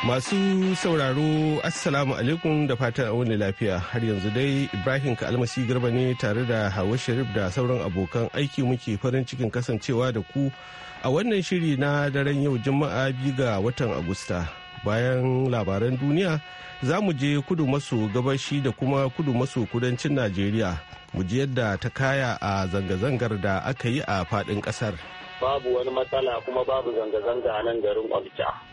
Masu sauraro Assalamu alaikum da fatan a wani lafiya har yanzu dai Ibrahim Kalmasi Garba ne tare da Hawa Sharif da sauran abokan aiki muke farin cikin kasancewa da ku a wannan shiri na daren yau Juma'a biyu ga watan Agusta. Bayan labaran duniya za mu je kudu maso gabashi da kuma kudu maso kudancin Najeriya mu ji yadda ta kaya a zanga-zangar da aka yi a faɗin ƙasar. Babu wani matsala kuma babu zanga-zanga a nan garin Abuja.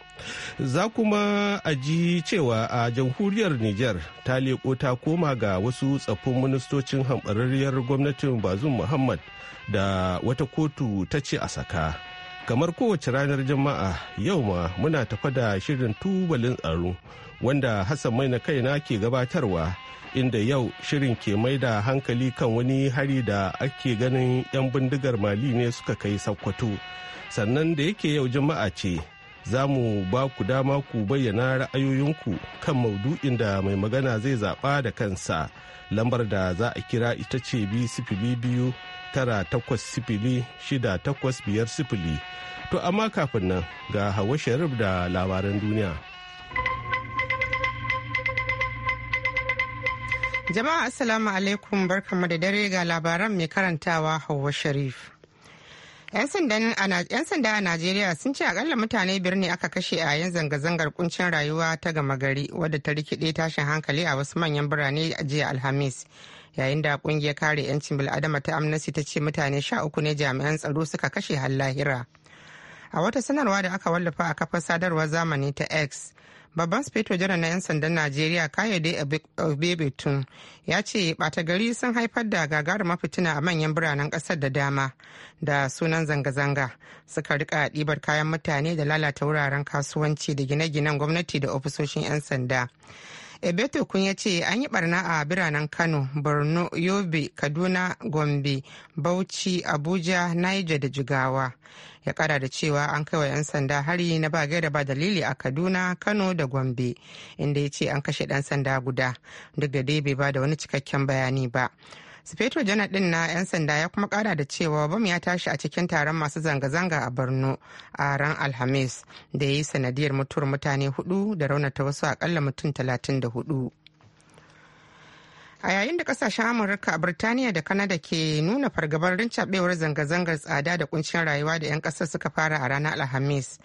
Za kuma a ji cewa a jamhuriyar Niger ta leko ta koma ga wasu tsaffin ministocin hamɓararriyar gwamnatin Bazum Muhammad da wata kotu ta ce a saka. Kamar kowace ranar jama'a yau ma muna tafa da shirin tubalin tsaro wanda Hassan mai na kaina ke gabatarwa inda yau shirin ke mai da hankali kan wani hari da ake ganin 'yan bindigar mali ne suka kai sakkwato sannan da yake yau jama'a ce za mu ba ku dama ku bayyana ra'ayoyinku kan maudu'in da mai magana zai zaɓa da kansa lambar da za a kira ita ce bi sifili biyu tara takwas sifili shida takwas biyar sifili to amma kafin nan ga hawa sharif da labaran duniya jama'a assalamu alaikum barkanmu da dare ga labaran mai karantawa hawa sharif 'Yan sanda a Najeriya sun ce akalla mutane biyar ne aka kashe a yayin zanga-zangar kuncin rayuwa ta gama gari wadda ta rikide tashin hankali a wasu manyan birane a jiya Alhamis. Yayin da kungiyar kare 'yancin bil'adama ta Amnesty ta ce mutane sha uku ne jami'an tsaro suka kashe har lahira. A wata sanarwa da aka wallafa a kafar sadarwar zamani ta X, babban speto jara na 'yan sandan najeriya kayode obebetun ya ce bata gari sun haifar da gagarumar fitina a manyan biranen kasar da dama da sunan zanga-zanga suka rika ɗibar kayan mutane da lalata wuraren kasuwanci da gine-ginen gwamnati da ofisoshin 'yan sanda ebeto kun ya ce an yi barna a biranen Kano, Borno, Yobe, Kaduna, Gombe, Bauchi, Abuja, Niger da Jigawa. Ya kara da cewa an kai wa 'yan sanda hari na ba gaira ba dalili a Kaduna, Kano da Gombe, inda ya ce an kashe ɗan sanda guda, duk da dai bai ba da wani cikakken bayani ba. sufeto janar din na 'yan sanda ya kuma kara da cewa bam ya tashi a cikin taron masu zanga-zanga a borno a ran alhamis da ya yi sanadiyar mutuwar mutane hudu da raunata wasu akalla mutum talatin da hudu a yayin da kasashen amurka birtaniya da kanada ke nuna fargabar rincabewar zanga-zangar tsada da kuncin rayuwa da 'yan kasar suka fara a ranar alhamis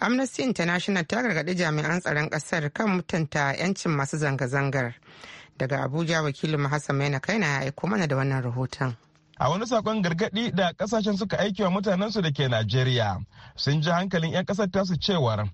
amnesty international ta gargaɗi jami'an tsaron kasar kan mutunta 'yancin masu zanga-zangar daga abuja wakilin hassan maina kaina ya aiko mana da wannan rahoton a wani sakon gargadi da kasashen suka aiki wa mutanensu da ke najeriya sun ji hankalin 'yan kasar tasu cewar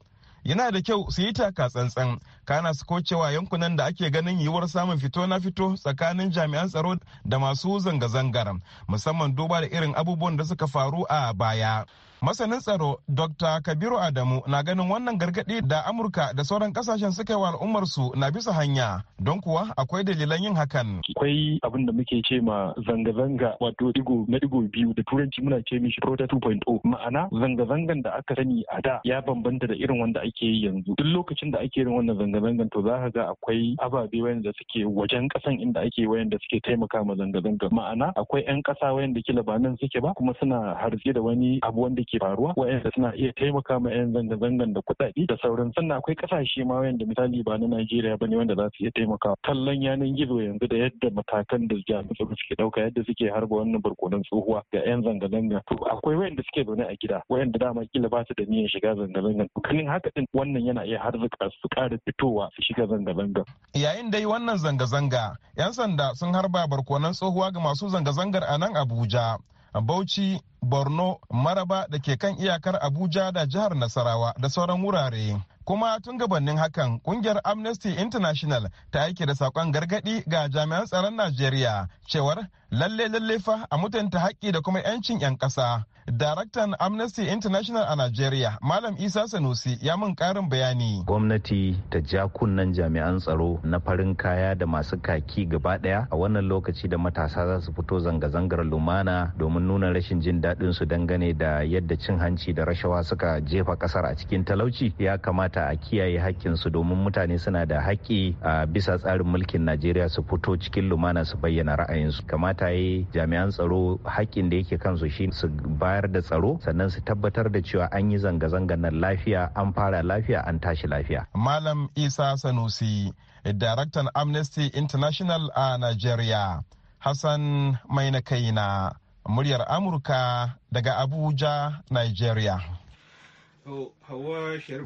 yana da kyau su yi taka tsantsan kana su kocewa yankunan da ake ganin yiwuwar samun fito na fito tsakanin jami'an tsaro da masu zanga-zangar musamman duba da irin abubuwan da suka faru a baya masanin tsaro dr kabiru adamu na ganin wannan gargaɗi da amurka da sauran kasashen suka yi wa al'ummarsu na bisa hanya don kuwa akwai dalilan yin hakan akwai abin da muke ce ma zanga-zanga wato digo na digo biyu da turanci muna ce mishi prota 2.0 ma'ana zanga-zangan da aka sani a da ya bambanta da irin wanda ake yi yanzu duk lokacin da ake irin wannan zanga-zangan to za ka ga akwai ababe wayanda suke wajen kasan inda ake wayanda suke taimaka ma zanga-zanga ma'ana akwai 'yan kasa wayanda kila ba nan suke ba kuma suna harke da wani abu wanda ke ke faruwa wa'anda suna iya taimaka ma 'yan zanga-zangan da kuɗaɗe da sauran sannan akwai ƙasashe ma wanda misali ba na Najeriya ba ne wanda za su iya taimaka kallon yanan gizo yanzu da yadda matakan da jami'an tsaro suke ɗauka yadda suke harba wannan barkonon tsohuwa ga 'yan zanga-zanga to akwai wayanda suke zaune a gida wayanda dama kila ba su da niyyar shiga zanga-zangan kanin haka din wannan yana iya harzuka su ƙara fitowa su shiga zanga-zanga. Yayin dai wannan zanga-zanga 'yan sanda sun harba barkonon tsohuwa ga masu zanga-zangar a nan Abuja. Bauchi borno maraba da ke kan iyakar abuja da jihar nasarawa da sauran wurare kuma tun gabanin hakan kungiyar amnesty international ta aike da sakon gargaɗi ga jami'an tsaron najeriya cewar lalle lalle fa a mutunta haƙƙi da kuma 'yancin 'yan ƙasa. Daraktan Amnesty International a nigeria Malam Isa Sanusi ya mun ƙarin bayani. Gwamnati ta ja kunnen jami'an tsaro na farin kaya da masu kaki gaba ɗaya a wannan lokaci da matasa za su fito zanga-zangar lumana domin nuna rashin jin daɗin su dangane da yadda cin hanci da rashawa suka jefa ƙasar a cikin talauci ya kamata a kiyaye haƙƙin su domin mutane suna da haƙƙi a bisa tsarin mulkin Najeriya su fito cikin lumana su bayyana ra'ayinsu. Kamata kamata yi jami'an tsaro hakkin da yake kansu shi su bayar da tsaro sannan su tabbatar da cewa an yi zanga zanga na lafiya an fara lafiya an tashi lafiya. Malam Isa Sanusi, Daraktan Amnesty International a Nigeria, Hassan na muryar Amurka daga Abuja, Nigeria.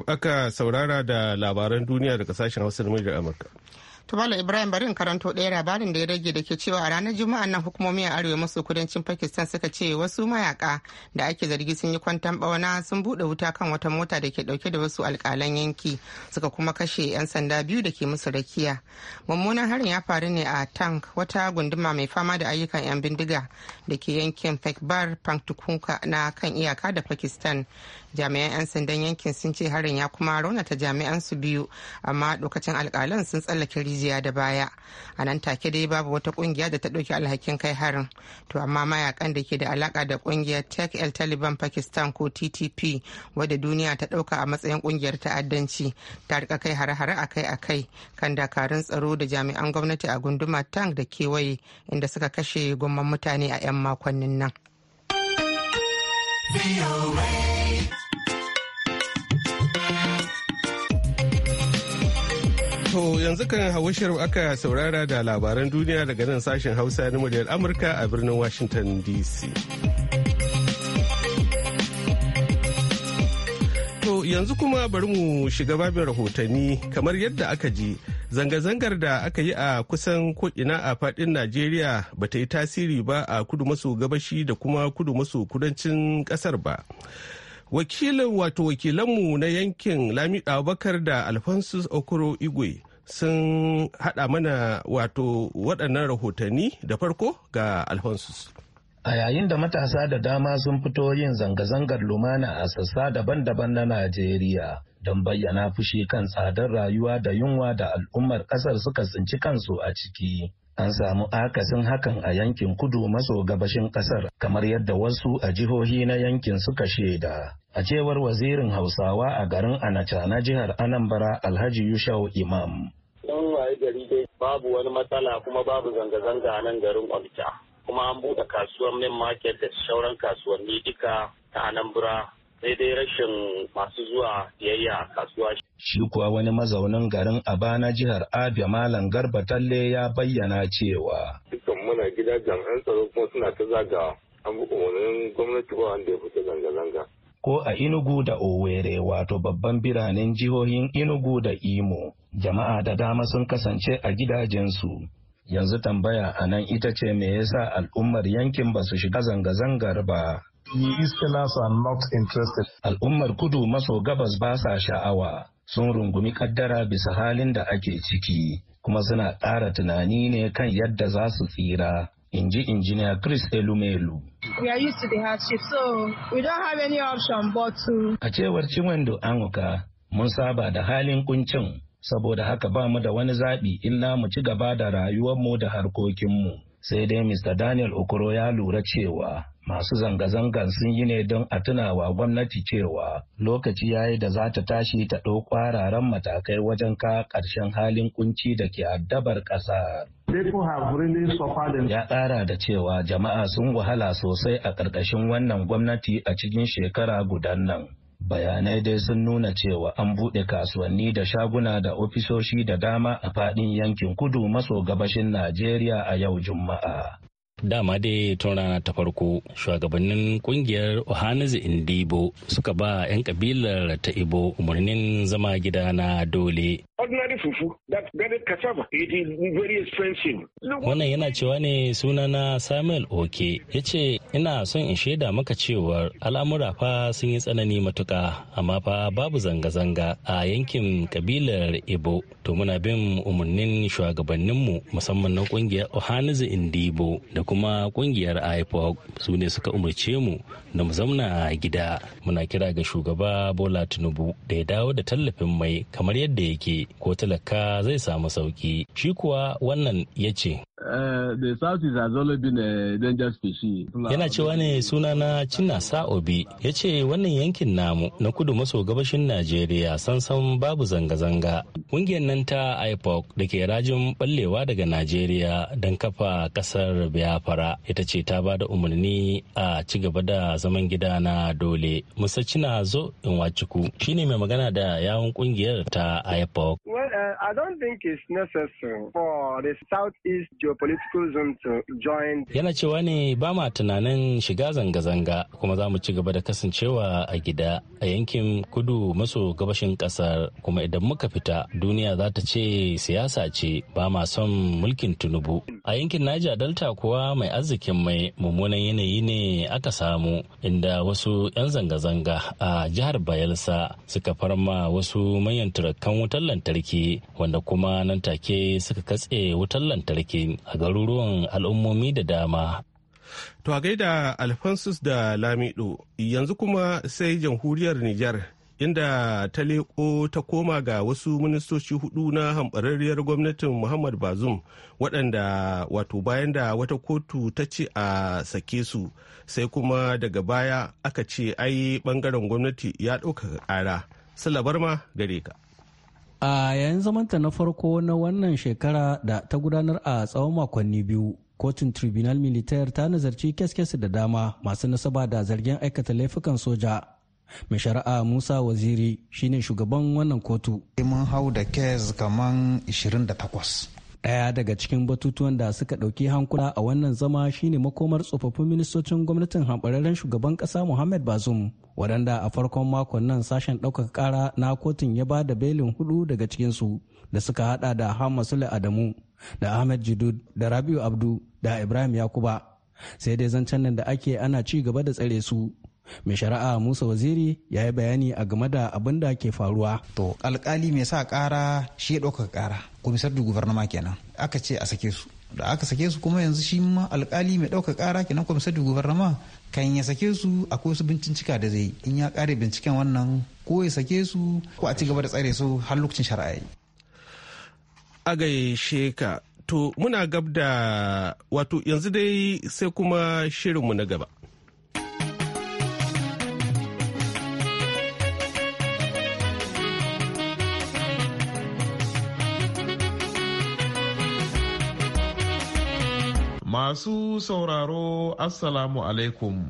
Aka saurara da labaran duniya daga sashen Hausa da Amurka. Tumala Ibrahim bari in karanto ɗaya labarin da ya rage da ke cewa a ranar Juma'a nan hukumomi a arewa maso kudancin Pakistan suka ce wasu mayaka da ake zargi sun yi kwantan bauna sun buɗe wuta kan wata mota da ke ɗauke da wasu alƙalan yanki suka kuma kashe 'yan sanda biyu da ke musu rakiya. Mummunan harin ya faru ne a Tank wata gunduma mai fama da ayyukan 'yan bindiga da ke yankin Pekbar Pantukunka na kan iyaka da Pakistan. Jami'an 'yan sandan yankin sun ce harin ya kuma raunata jami'an su biyu amma ɗokacin alƙalan sun tsallake jiya da baya a nan take dai babu wata kungiya da ta ɗauki alhakin kai harin to amma mayakan da ke da alaka da kungiyar tech el taliban pakistan ko ttp wadda duniya ta ɗauka a matsayin kungiyar ta'addanci ta rika kai hare-hare akai-akai kan dakarun tsaro da jami'an gwamnati a gunduma tank da kewaye inda suka kashe gomman mutane a 'yan makonnin nan. To yanzu kan hawa aka saurara da labaran duniya daga nan sashen Hausa na muryar Amurka a birnin Washington DC. To yanzu kuma bari mu shiga babin rahotanni kamar yadda aka ji zanga-zangar da aka yi a kusan ko'ina a fadin Najeriya ba ta yi tasiri ba a kudu maso gabashi da kuma kudu maso kudancin kasar ba. wakilin wato wakilanmu na yankin lamida abubakar da alphonsus okoro igwe sun hada mana wato waɗannan rahotanni da farko ga alphonsus a yayin da matasa da dama sun fito yin zanga-zangar lumana a sassa daban-daban na najeriya don bayyana fushi kan tsadar rayuwa da yunwa da al'ummar ƙasar suka tsinci kansu a ciki an samu akasin hakan a yankin kudu maso gabashin kasar kamar yadda wasu a jihohi na yankin suka shaida a cewar wazirin hausawa a garin anacha na jihar anambra alhaji yushau imam sun waye gari dai babu wani matsala kuma babu zanga-zanga a nan garin onitsha kuma an buɗe kasuwar main market da sauran kasuwanni duka ta anambra sai dai rashin masu zuwa biyayya a kasuwa. Shi kuwa wani mazaunin garin Abana jihar Abia Malam Garba Talle ya bayyana cewa. Dukkan muna gida an tsaro kuma suna ta zaga an umarnin gwamnati ba wanda ya fita zanga-zanga. Ko a Inugu da Owerri wato babban biranen jihohin Inugu da Imo, jama'a da dama sun kasance a gidajensu. Yanzu tambaya a nan ita ce me yasa al'ummar yankin ba su shiga zanga-zangar ba. The Easterners are not interested. Al'ummar kudu maso gabas ba sa sha'awa sun rungumi kaddara bisa halin da ake ciki kuma suna ƙara tunani ne kan yadda za su tsira. in injiniya Chris Elumelu. We are used to the hardship, so we don't have any option but to... A cewar Chinwendu Anguka, mun saba da halin kuncin, saboda haka ba mu da wani zaɓi illa mu ci gaba da mu da harkokin mu, Sai dai Mr. Daniel Okoro ya lura cewa masu zanga-zangan sun yi ne don a tunawa gwamnati cewa lokaci ya yi da za ta tashi ta ɗau ƙwararan matakai wajen ka ƙarshen halin kunci da ke addabar ƙasa. Ya ƙara da cewa jama'a sun wahala sosai a ƙarƙashin wannan gwamnati a cikin shekara gudan nan. bayanai dai sun nuna cewa an buɗe kasuwanni da shaguna da ofisoshi da dama a faɗin yankin kudu maso gabashin Najeriya a yau Juma'a. dama dai tun rana ta farko shugabannin kungiyar ohanazi indibo suka ba 'yan kabilar ta ibo umarnin zama gida na dole ordinary fufu that very cassava it is very expensive wannan yana cewa ne sunana Samuel Oke ya ce ina son in shaida maka cewar al'amura fa sun yi tsanani matuka amma fa babu zanga-zanga a yankin kabilar Ibo to muna bin umarnin shugabanninmu musamman na kungiyar ohanizu Indibo da kuma kungiyar ipog su ne suka umarce mu da mu zauna gida muna kira ga shugaba Bola Tinubu da ya dawo da tallafin mai kamar yadda yake ko talaka zai samu sauki shi kuwa wannan ya ce Eh, the southeast has always been a dangerous species. Yana cewa ne suna na Obi ya ce wannan yankin namu na kudu maso gabashin Najeriya sansan babu zanga-zanga. Kungiyar nan ta IPOC da ke rajin ballewa daga Najeriya don kafa kasar Biafra ita ce ta ba da umarni a ci gaba da zaman gida na dole. Musa Cinazo Inwachuku shine mai magana da yawun kungiyar ta IPOC. Uh, I don't think it's necessary for the Southeast geopolitical zone to join. Yana cewa ne ba ma tunanin shiga zanga-zanga kuma za mu ci gaba da kasancewa a gida a yankin kudu maso gabashin kasar kuma idan muka fita duniya za ta ce siyasa ce ba ma son mulkin tunubu. A yankin Niger Delta kuwa mai arzikin mai mummunan yanayi ne aka samu inda wasu 'yan zanga-zanga a jihar Bayelsa suka farma wasu manyan turakan wutar lantarki wanda kuma nan take suka katse wutar lantarki a garuruwan al'ummomi da dama. To a gaida Alphonsus da Lamido yanzu kuma sai jamhuriyar Nijar inda ta leko ta koma ga wasu ministoci hudu na hambararriyar gwamnatin Muhammad Bazum waɗanda wato bayan da wata kotu ta ce a sake su sai kuma daga baya aka ce ai bangaren gwamnati ya ɗauka ƙara. Salabar ma gare ka. a yayin zamanta na farko na wannan shekara da ta gudanar a tsawon makonni biyu kotun tribunal militaire ta nazarci kes-kes da dama masu nasaba da zargin aikata laifukan soja mai shari'a musa waziri shine shugaban wannan kotu mun hau da kes kaman 28 Ɗaya daga cikin batutuwan da suka ɗauki hankula a wannan zama shine makomar tsofaffin ministocin gwamnatin hamɓararren shugaban ƙasa Muhammad Bazoum, waɗanda a farkon makon nan sashen ɗaukaka ƙara na kotun ya ba da belin hudu daga cikinsu da suka haɗa da Hamma Sule Adamu, da Ahmed Jidud, da Rabiu Abdu, da Ibrahim Yakuba. Sai dai zancen nan da ake ana ci gaba da tsare su. mai shari'a musa waziri ya yi bayani a game da abin da ke faruwa to alkali mai sa kara shi ya ɗaukaka kara komisar da guvernama kenan aka ce a sake su da aka sake su kuma yanzu shi ma alkali mai ɗaukar kara kenan komisar da guvernama kan ya sake su akwai su bincika da zai in ya kare binciken wannan ko ya sake su ko a ci gaba da tsare su har lokacin shari'a a gaishe ka to muna gab da wato yanzu dai sai kuma shirinmu na gaba Masu sauraro Assalamu alaikum.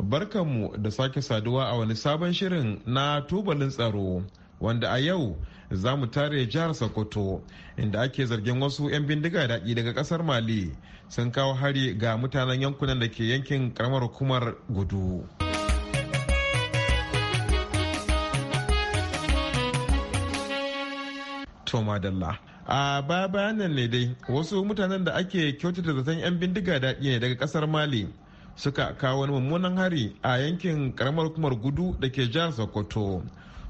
Barkanmu da sake saduwa a wani sabon shirin na tubalin tsaro wanda a yau za mu tare jihar Sokoto inda ake zargin wasu 'yan bindiga daɗi daga ƙasar Mali sun kawo hari ga mutanen yankunan da ke yankin karamar hukumar gudu. Toma a ba bayanan ne dai wasu mutanen da ake kyautata zaton 'yan bindiga daɗi ne daga ƙasar mali suka kawo wani mummunan hari a yankin karamar hukumar gudu da ke jihar sokoto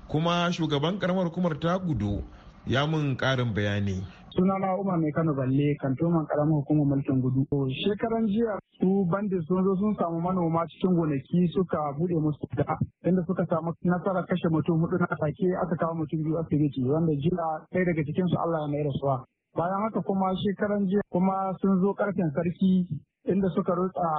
kuma shugaban karamar hukumar ta gudu ya mun ƙarin bayani sunana umar mai kano balle kantoman karamin hukumar mulkin gudu shekaran jiya su bandi sun zo sun samu manoma cikin gonaki suka bude musu da inda suka samu nasara kashe mutum hudu na take aka kawo mutum biyu asibiti wanda jiya sai daga cikin su Allah ya mai rasuwa bayan haka kuma shekaran jiya kuma sun zo karfen sarki inda suka rutsa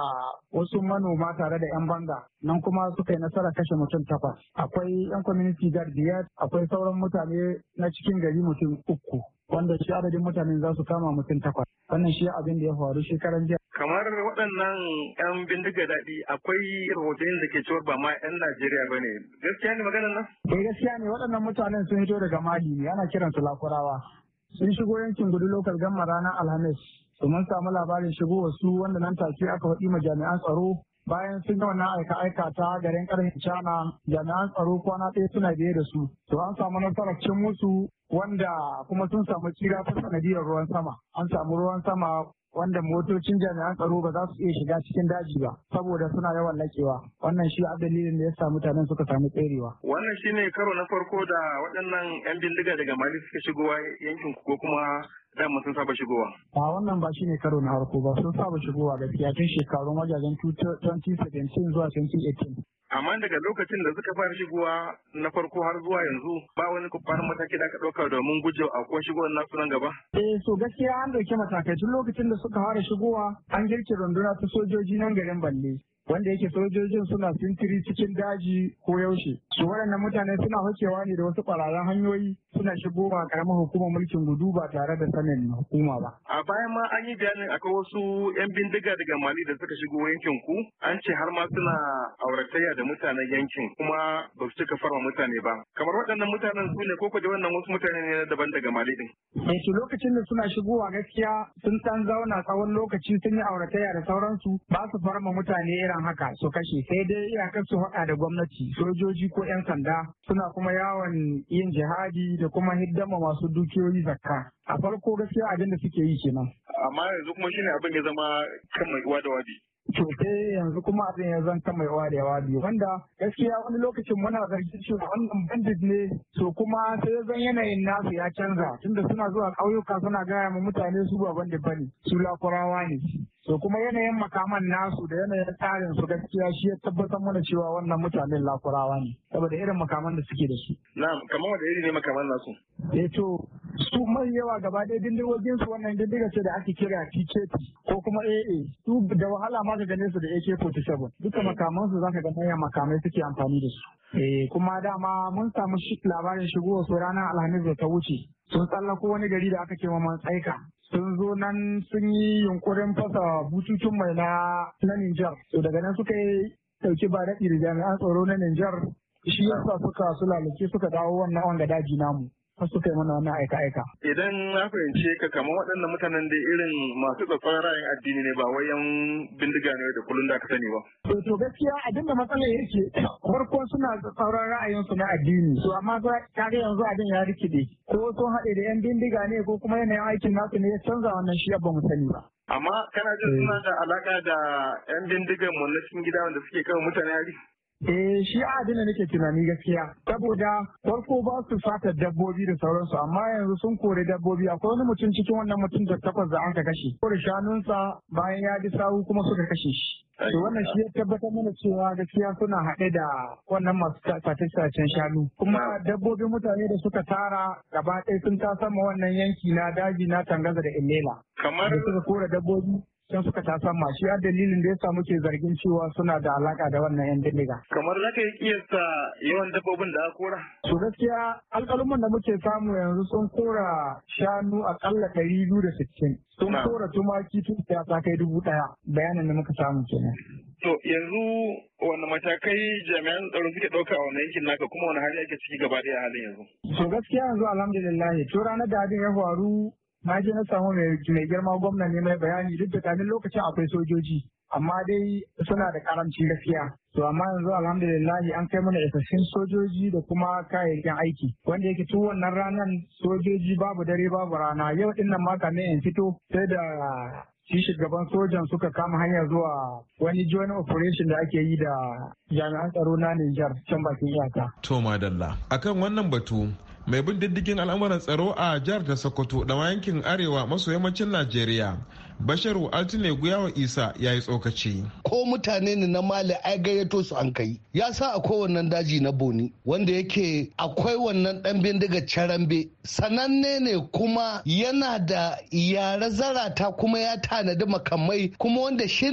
wasu manoma tare da 'yan banga nan kuma suka yi nasara kashe mutum takwas akwai 'yan community guard biyar akwai sauran mutane na cikin gari mutum uku wanda shi adadin mutanen za su kama mutum takwas wannan shi abin da ya faru shekaran jiya. kamar waɗannan 'yan bindiga daɗi akwai rahoton da ke cewar ba ma 'yan najeriya ba ne gaskiya ne maganar nan. Bai eh, gaskiya ne waɗannan mutanen sun hito daga mali ne ana su lakurawa sun shigo yankin gudu lokal gamma ranar alhamis domin samu labarin shigo wasu wanda nan take aka faɗi ma jami'an tsaro bayan sun yi wannan aika aika ta garin karfin cana jami'an tsaro kwana ɗaya suna biye da su to an samu nasarar cin musu wanda kuma sun samu tsira ta sanadiyar ruwan sama an samu ruwan sama wanda motocin jami'an tsaro ba za su iya shiga cikin daji ba saboda suna yawan lakewa wannan shi dalilin da ya sa mutanen suka samu tserewa wannan shine karo na farko da waɗannan 'yan bindiga daga mali suka shigowa yankin ko kuma dama sun saba shigowa. A wannan ba shi ne karo na harko ba sun saba shigowa gaskiya tun shekarun wajajen 2017 zuwa 2018. amma daga lokacin da suka fara shigowa na farko har zuwa yanzu ba wani kwakwar mataki da aka ɗauka domin guje a ko shigowar nasu nan gaba? Eh so gaskiya an ɗauki matakai tun lokacin da suka fara shigowa an girki runduna ta sojoji nan garin balle wanda yake sojojin suna sintiri cikin daji ko yaushe su waɗannan mutane suna hakewa ne da wasu ƙwararren hanyoyi suna shigo ma karamar hukumar mulkin gudu ba tare da sanin hukuma ba a bayan ma an yi bayanin akwai wasu yan bindiga daga mali da suka shigo yankin ku an ce har ma suna auratayya da mutanen yankin kuma ba su cika farma mutane ba kamar waɗannan mutanen su ne ko da wannan wasu mutane ne daban daga mali din eh su lokacin da suna shigowa gaskiya sun san zauna tsawon lokaci sun yi auratayya da sauransu ba su farma mutane irin akan haka su kashe sai dai iyakar su haɗa da gwamnati sojoji ko 'yan sanda suna kuma yawon yin jihadi da kuma hiddama masu dukiyoyi zakka a farko gaskiya abin da suke yi kenan amma yanzu kuma shine abin ya zama kan mai da wabi to sai yanzu kuma abin ya zanta mai da biyu wanda gaskiya wani lokacin muna zargin cewa wannan bandit ne so kuma sai ya zan yanayin nasu ya canza tunda suna zuwa ƙauyuka suna gaya ma mutane su ba bandit bane su lakurawa ne so kuma yanayin makaman nasu da yanayin tsarin su gaskiya shi ya tabbatar mana cewa wannan mutanen lakurawa ne saboda irin makaman da suke da su na'am kamar wanda iri ne makaman nasu eh to su mai yawa gaba ɗaya dindigogin su wannan dindiga ce da ake kira TKP ko kuma AA su da wahala ma ka gane su da AK47 duka makaman su zaka ga manyan makamai suke amfani da su eh kuma dama mun samu labarin shigowar su ranar Alhamis da ta wuce sun tsallako wani gari da aka ce mamman tsaika sun zo nan sun yi yunkurin fasa bututun mai na na Nijar. To daga nan suka yi dauki ba daɗi da jami'an tsaro na Nijar shi yasa suka sulalace suka dawo wannan wanga daji namu. har kai mana wani aika-aika. Idan na fahimce ka kama waɗannan mutanen da irin masu tsatsar ra'ayin addini ne ba wayan bindiga ne da kullum da ka sani ba. To gaskiya abinda matsalar yake farko suna ra'ayin ra'ayinsu na addini. To amma kaga yanzu abin ya rikide. Ko sun haɗe da 'yan bindiga ne ko kuma yanayin aikin nasu ne ya canza wannan shi ba mu sani ba. amma kana jin suna da alaka da yan bindigan mu na cikin gida wanda suke kawo mutane Eh shi adina da nake tunani gaskiya saboda farko ba su fata dabbobi da sauransu amma yanzu sun kore dabbobi akwai wani mutum cikin wannan mutum da takwas da aka kashe. Kore shanunsa bayan ya ji sahu kuma suka kashe shi. To wannan shi ya tabbatar mana cewa gaskiya suna haɗe da wannan masu sace shanu. Kuma dabbobin mutane da suka tara gaba ɗaya sun ta sama wannan yanki na daji na tangaza da imela. Kamar da suka kore dabbobi. sun suka ta sama shi a dalilin da ya samu ke zargin cewa suna da alaka da wannan yan dindiga. Kamar za ka yi kiyasta yawan dabbobin da aka kora? Su gaskiya alƙaluman da muke samu yanzu sun kora shanu aƙalla ɗari biyu da sittin. Sun kora tumaki tun ya ta kai dubu ɗaya bayanin da muka samu kenan. To yanzu wani matakai jami'an tsaro suke ɗauka a wani yankin naka kuma wani hali ake ciki gaba ɗaya halin yanzu? To gaskiya yanzu alhamdulillah to ranar da abin ya faru na je na samu mai girma gwamna ne mai bayani duk da kamin lokacin akwai sojoji amma dai suna da karamci gaskiya to amma yanzu alhamdulillah, an kai mana isassun sojoji da kuma kayayyakin aiki wanda yake tun wannan ranar sojoji babu dare babu rana yau din nan ma kamin in fito sai da shi shugaban sojan suka kama hanya zuwa wani joint operation da ake yi da jami'an tsaro na Nijar can bakin iyaka. To madalla akan wannan batu mai bin diddigin al'amuran tsaro a jihar da sokoto da yankin arewa maso yammacin najeriya basharu altine guyawa isa ya yi tsokaci ko mutane ne na mali ai gayyato su an kai ya sa akwai wannan daji na boni wanda yake akwai wannan dan bindiga carambe sananne ne kuma yana da yare zarata kuma ya tanadi makamai kuma wanda shi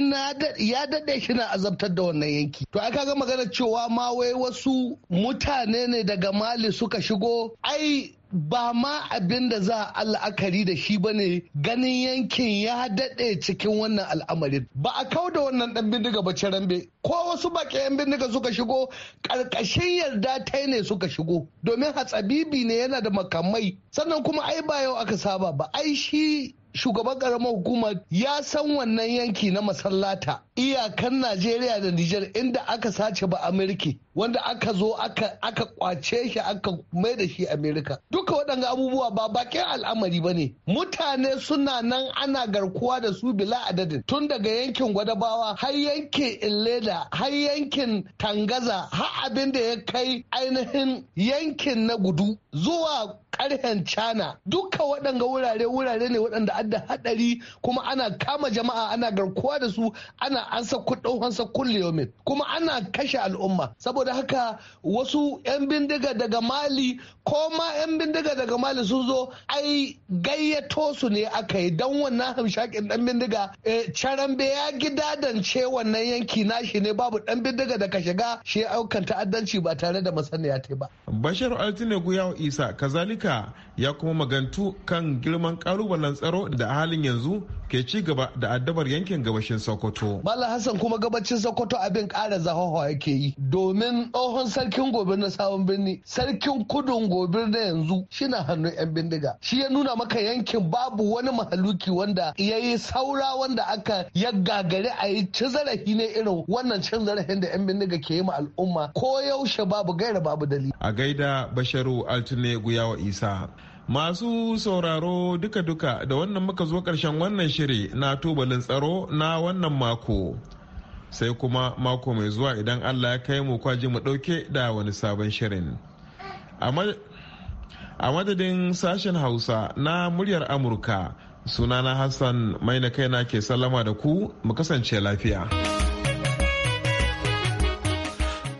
ya dade shi na azabtar da wannan yanki to aka ga magana cewa ma wai wasu mutane ne daga mali suka shigo ai ba ma abin da za a la'akari da shi ba ne ganin yankin ya daɗe cikin wannan al'amarin ba a kau da wannan ɗan bindiga ba rambe ko wasu baƙi 'yan bindiga suka shigo ƙarƙashin yarda ta ne suka shigo domin hatsabibi ne yana da makamai sannan kuma ai ba yau aka saba ba ai shi shugaban karamar hukumar ya san wannan yanki na masallata iyakan najeriya da nijar inda aka sace ba amerika wanda aka zo aka, kwace shi aka mai da shi amerika duka waɗanga abubuwa ba bakin al'amari ba ne mutane suna nan ana garkuwa da su bila adadin tun daga yankin gwadabawa har yankin inleda har yankin tangaza har abin da ya kai ainihin yankin na gudu zuwa karhen cana duka waɗanga wurare wurare ne waɗanda da hadari kuma ana kama jama'a ana garkuwa da su ana ansa kuɗin kulle yomin kuma ana kashe al'umma saboda haka wasu 'yan bindiga daga mali ko ma 'yan bindiga daga mali sun zo ai gayyato su ne aka yi don wannan hamshakin dan bindiga e, carambe ya gida gidadance wannan yanki nashi ne babu dan bindiga da ka shiga shi aukan ta'addanci ba tare da masaniya ta ba. bashar altinegu ya isa kazalika ya kuma magantu kan girman kalubalen tsaro da halin yanzu ke ci gaba da addabar yankin gabashin Sokoto. Malam Hassan kuma gabacin Sokoto abin ƙara zahawa yake yi domin tsohon sarkin gobe na sabon birni sarkin kudun gobe na yanzu shi na hannun 'yan bindiga. Shi ya nuna maka yankin babu wani mahaluki wanda ya yi saura wanda aka ya gagare a yi ci zarafi ne irin wannan cin zarafin da 'yan bindiga ke yi ma al'umma ko yaushe babu gaira babu dalili. A gaida Basharu Altine Guyawa Isa. Masu sauraro duka-duka da wannan muka zo ƙarshen wannan shiri na tubalin tsaro na wannan mako. Sai kuma mako mai zuwa idan Allah ya kai mu kwaji mu ɗauke da wani sabon shirin. A madadin sashen Hausa na muryar Amurka, sunana Hassan mai na kaina ke sallama da ku mu kasance lafiya.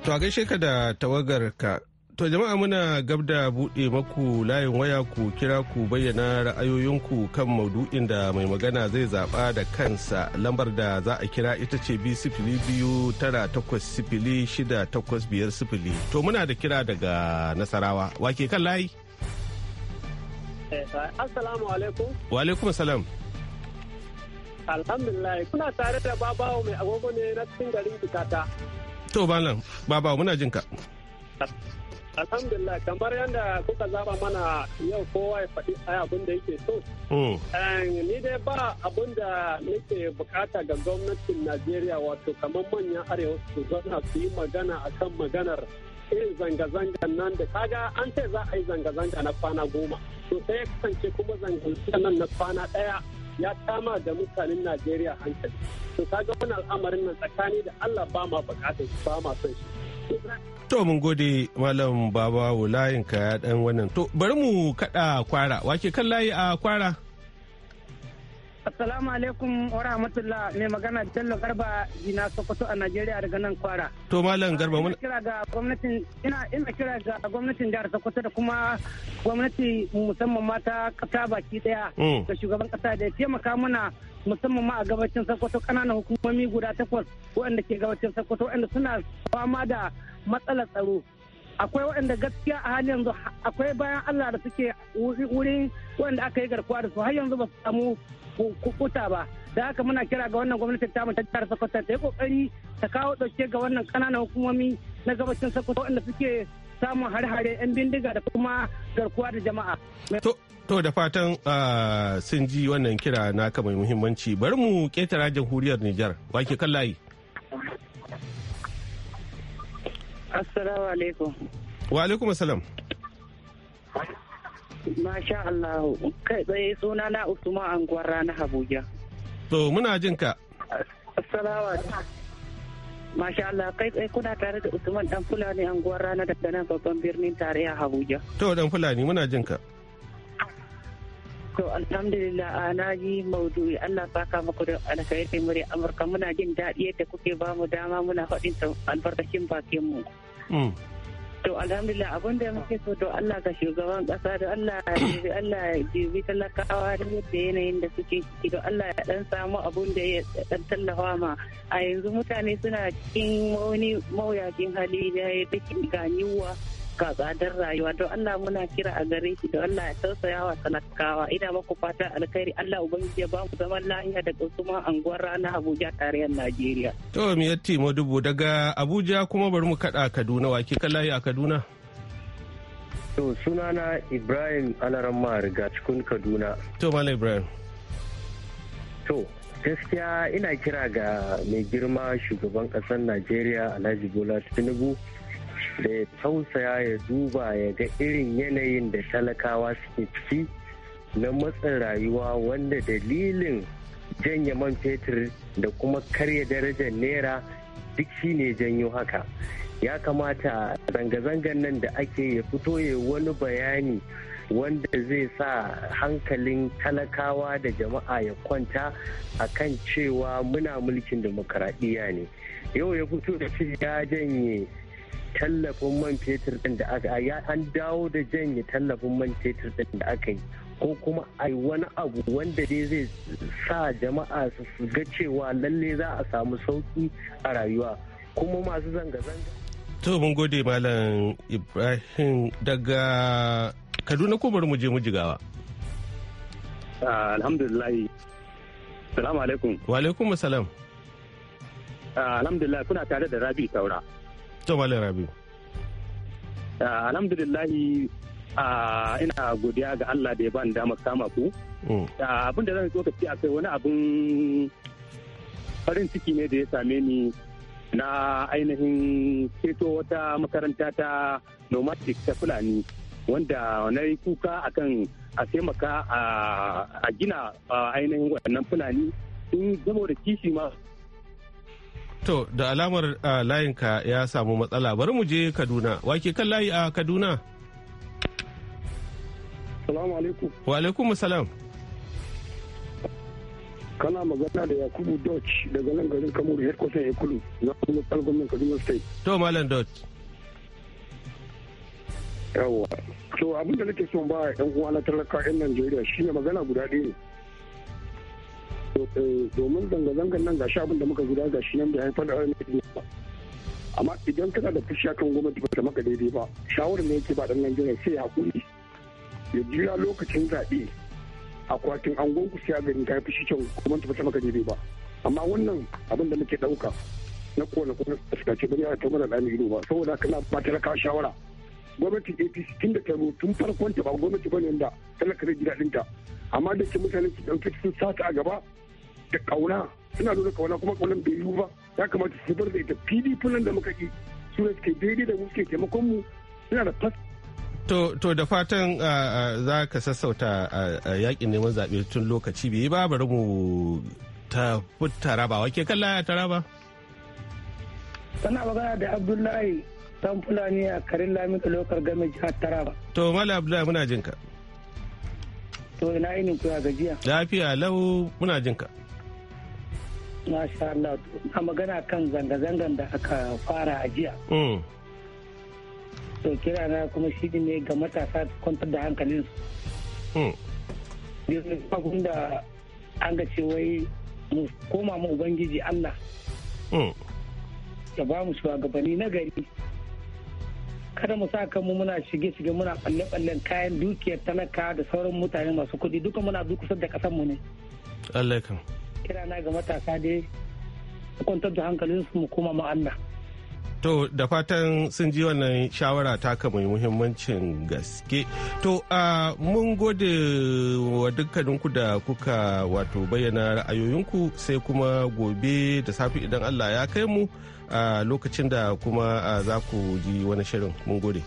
To a gaishe ka da tawagar ka To jama'a muna gab da buɗe maku layin waya ku kira ku bayyana ra'ayoyinku kan maudu'in da mai magana zai zaɓa da kansa lambar da za a kira ita ce bi sifili biyu tara takwas sifili shida takwas biyar sifili. To muna da kira daga Nasarawa. Wake kan layi? Eh, assalamu alaikum. Wa alaikum salam. Alhamdulillah kuna tare da babawo mai agogo ne na cikin garin Bikata. To malam babawo muna jinka. Alhamdulillah kamar yadda kuka zaba mana yau kowa ya faɗi abin da yake so. Oh. Ehm, ni dai ba abin da nake bukata ga gwamnatin Najeriya wato kamar manyan arewa su zana su yi magana akan maganar irin zanga-zangan nan da kaga an ce za a yi zanga-zanga na kwana goma. To sai ya kasance kuma zanga zanga nan na kwana ɗaya ya kama da mutanen Najeriya hankali. To kaga wani al'amarin nan tsakani da Allah ba ma bukatar ba ma son shi. To mun gode malam baba layin ka ya dan wannan. To bari mu kada kwara wake kan layi a kwara. Assalamu alaikum wa rahmatullah mai magana Bello Garba Jina Sokoto a Najeriya daga nan Kwara. To Malam Garba mun kira ga gwamnatin ina ina kira ga gwamnatin jihar Sokoto da kuma gwamnati musamman mata kasa baki daya mm. da shugaban kasa da ya taimaka mana musamman ma a gabacin Sokoto kananan hukumomi guda takwas waɗanda ke gabacin Sokoto waɗanda suna fama da matsalar tsaro akwai waɗanda gaskiya a halin yanzu akwai bayan Allah da suke wurin waɗanda aka yi garkuwa da su har yanzu ba su samu kukuta ba da haka muna kira ga wannan gwamnati ta ta jihar Sokoto ta yi kokari ta kawo ɗauke ga wannan ƙananan hukumomi na gabashin Sokoto waɗanda suke samun har hare 'yan bindiga da kuma garkuwa da jama'a. To da fatan ah, sun ji wannan kira naka mai muhimmanci bari mu ketara jamhuriyar Nijar wake kan layi. Assalamu alaikum. Wa alaikum assalam. Masha Allah, kai tsaye suna na Usman Anguwar na Abuja. To muna jin ka. Assalamu alaikum. Masha Allah, kai tsaye kuna tare da Usman Dan Fulani Anguwar rana daga nan babban birnin tarayya Abuja. To Dan Fulani muna jin ka. To alhamdulillah na ji maudu'i Allah saka muku da alkhairin muri Amurka muna jin daɗi yadda kuke ba mu dama muna faɗin albarkacin bakin mu. Mm. to alhamdulillah abin da muke so to Allah ga shugaban kasa da Allah jibi Allah bi talakawa da yadda yanayin da suke ciki to Allah ya dan samu abun da ya dan tallafa ma a yanzu mutane suna cikin wani mawuyacin hali da ya take ganiwa Ka tsadar rayuwa don Allah muna kira a gare shi da Allah ya tausaya wa talakawa ina maku fata alkhairi Allah ubangiji ya ba mu zaman lafiya da kusuman anguwar rana Abuja tarayyar Najeriya to mi yatti dubu daga Abuja kuma bari mu kada Kaduna wake kallaye a Kaduna to sunana Ibrahim Alaramma riga cikin Kaduna to mala Ibrahim to gaskiya ina kira ga mai girma shugaban ƙasar Najeriya Alhaji Bola Tinubu da ya tausaya ya duba ya ga irin yanayin da talakawa suke ciki na matsin rayuwa wanda dalilin janye man fetur da kuma karya darajar naira duk shi ne janyo haka ya kamata zanga-zangan nan da ake ya fito ya wani bayani wanda zai sa hankalin talakawa da jama'a ya kwanta a kan cewa muna mulkin demokaradiyya ne yau ya fito da shi ya janye tallafin man fetur ɗin da aka yi an dawo da janye tallafin man fetur ɗin da aka yi ko kuma a yi wani abu wanda dai zai sa jama'a su ga cewa lalle za a samu sauki a rayuwa kuma masu zanga-zanga. to mun gode malam ibrahim daga kaduna ko bari mu je mu jigawa. Ah, alhamdulilayi salamu alaikum wa alaikum salam ah, alhamdulillah kuna tare da rabi taura to malam rabi ah, alhamdulillahi ah, ina godiya ga Allah da ya bani damar kama ku mm. ah, abin da zan tsokaci akai wani abin farin ciki ne da ya same ni na ainihin ceto wata makaranta ta nomadic ta fulani wanda na yi kuka akan a taimaka a gina ainihin wannan fulani sun zama da kishi ma To da alamar layinka ya samu matsala bari mu je Kaduna. Wake kan layi a Kaduna? Salamu alaikum. Wa alaikum salam. Kana magana da Yakubu Dutch daga nan garin Kamuru headquarter kulu na kuma gwamnan Kaduna State. To Malam Dutch. Yawwa. To abin da nake son ba 'yan uwa na talaka 'yan Najeriya ne magana guda ɗaya ne. domin zanga-zangar nan gashi abin da muka guda shi nan ya haifar da wani ba amma idan kana da fushi kan gwamnati ba ta maka daidai ba shawarar da yake ba dan Najeriya sai hakuri ya jira lokacin zaɓe akwatin an ku sai garin kai fushi kan gwamnati ba ta maka daidai ba amma wannan abin da muke ɗauka na kowane kuma suka ce bari a ta mana ɗani ido ba saboda kana na ta raka shawara gwamnati apc tun da ta tun farkon ta ba gwamnati ba ne da talaka zai ji daɗin amma da ke mutane su ɗauki sun sata a gaba da kauna suna nuna kauna kuma kaunan bai yiwu ba ya kamata su bar da ita pdp nan da muka yi su ne suke daidai da mu suke taimakon mu suna da fas To, to da fatan za ka sassauta yakin neman zaɓe tun lokaci bai yi ba bari mu ta taraba wake kalla taraba? Sana magana da Abdullahi san Fulani a karin lamin lokar game jihar Taraba. To, Mala Abdullahi muna jinka. To, ina yinin ku ya gajiya. Lafiya lau muna jinka. Masha Allah, a magana kan zanga-zangan da aka fara a jiya. Mm. To kira na kuma shi ne ga matasa kwantar da hankalinsu. Mm. Yanzu da an ga wai mu koma mu Ubangiji Allah. Mm. Ya ba mu shugabanni na gari. Kada mu sa kanmu muna shige-shige muna ɓalle-ɓallen kayan dukiyar talaka da sauran mutane masu kuɗi duka muna dukusar da ƙasarmu ne. Allah kira na ga matasa dai kwantar da hankalinsu mu kuma mu To da fatan sun ji wannan shawara taka mai muhimmancin gaske. To a mun gode wa dukkaninku da kuka wato bayyana ra'ayoyinku sai kuma gobe da safi idan Allah ya kai mu a lokacin da kuma za ku ji wani shirin. Mun gode.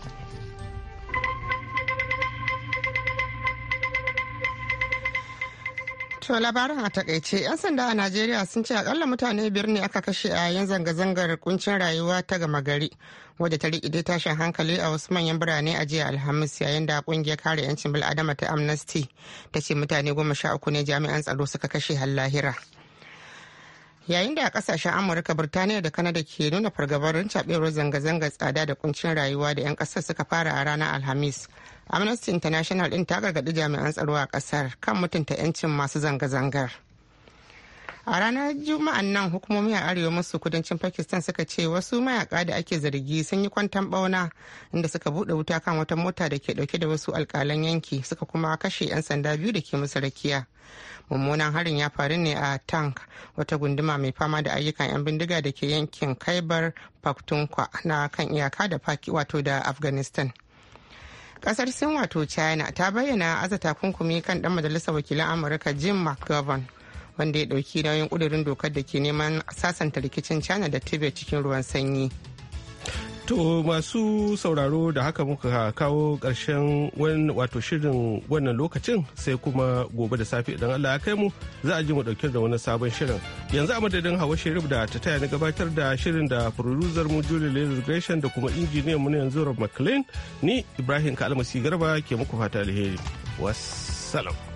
To labarin a takaice 'yan sanda a Najeriya sun ce akalla mutane biyar ne aka kashe a yayin zanga-zangar kuncin rayuwa ta gama gari wadda ta rikide tashin hankali a wasu manyan birane a jiya Alhamis yayin da kungiyar kare 'yancin bil'adama ta Amnesty ta ce mutane goma sha uku ne jami'an tsaro suka kashe har lahira. yayin da a kasashen amurka birtaniya da kanada ke nuna fargabar rincaɓewar zanga-zangar tsada da kuncin rayuwa da 'yan ƙasar suka fara a ranar alhamis amnesty international din ta gargaɗi jami'an tsaro a kasar kan mutunta 'yancin masu zanga-zangar a ranar juma'an nan hukumomi a arewa masu kudancin pakistan suka ce wasu mayaka da ake zargi sun yi kwantan bauna inda suka buɗe wuta kan wata mota da ke ɗauke da wasu alƙalan yanki suka kuma kashe 'yan sanda biyu da ke musu rakiya mummunan harin ya faru ne a tank wata gunduma mai fama da ayyukan 'yan bindiga da ke yankin kaibar paktunkwa na kan iyaka da paki wato da afghanistan kasar sin wato china ta bayyana aza takunkumi kan dan majalisar wakilan amurka jim mcgovern wanda ya dauki nauyin kudurin dokar da ke neman sasanta rikicin china da tibet cikin ruwan sanyi To masu sauraro da haka muka kawo ƙarshen wato shirin wannan lokacin sai kuma gobe da safe idan Allah ya kai mu za a ji mu ɗauke da wani sabon shirin. Yanzu a madadin Hawa Sherif da ta taya na gabatar da shirin da producer mu Julie da kuma injiniyan mu yanzu Rob McLean ni Ibrahim Kalmasi Garba ke muku fata alheri. Wassalam.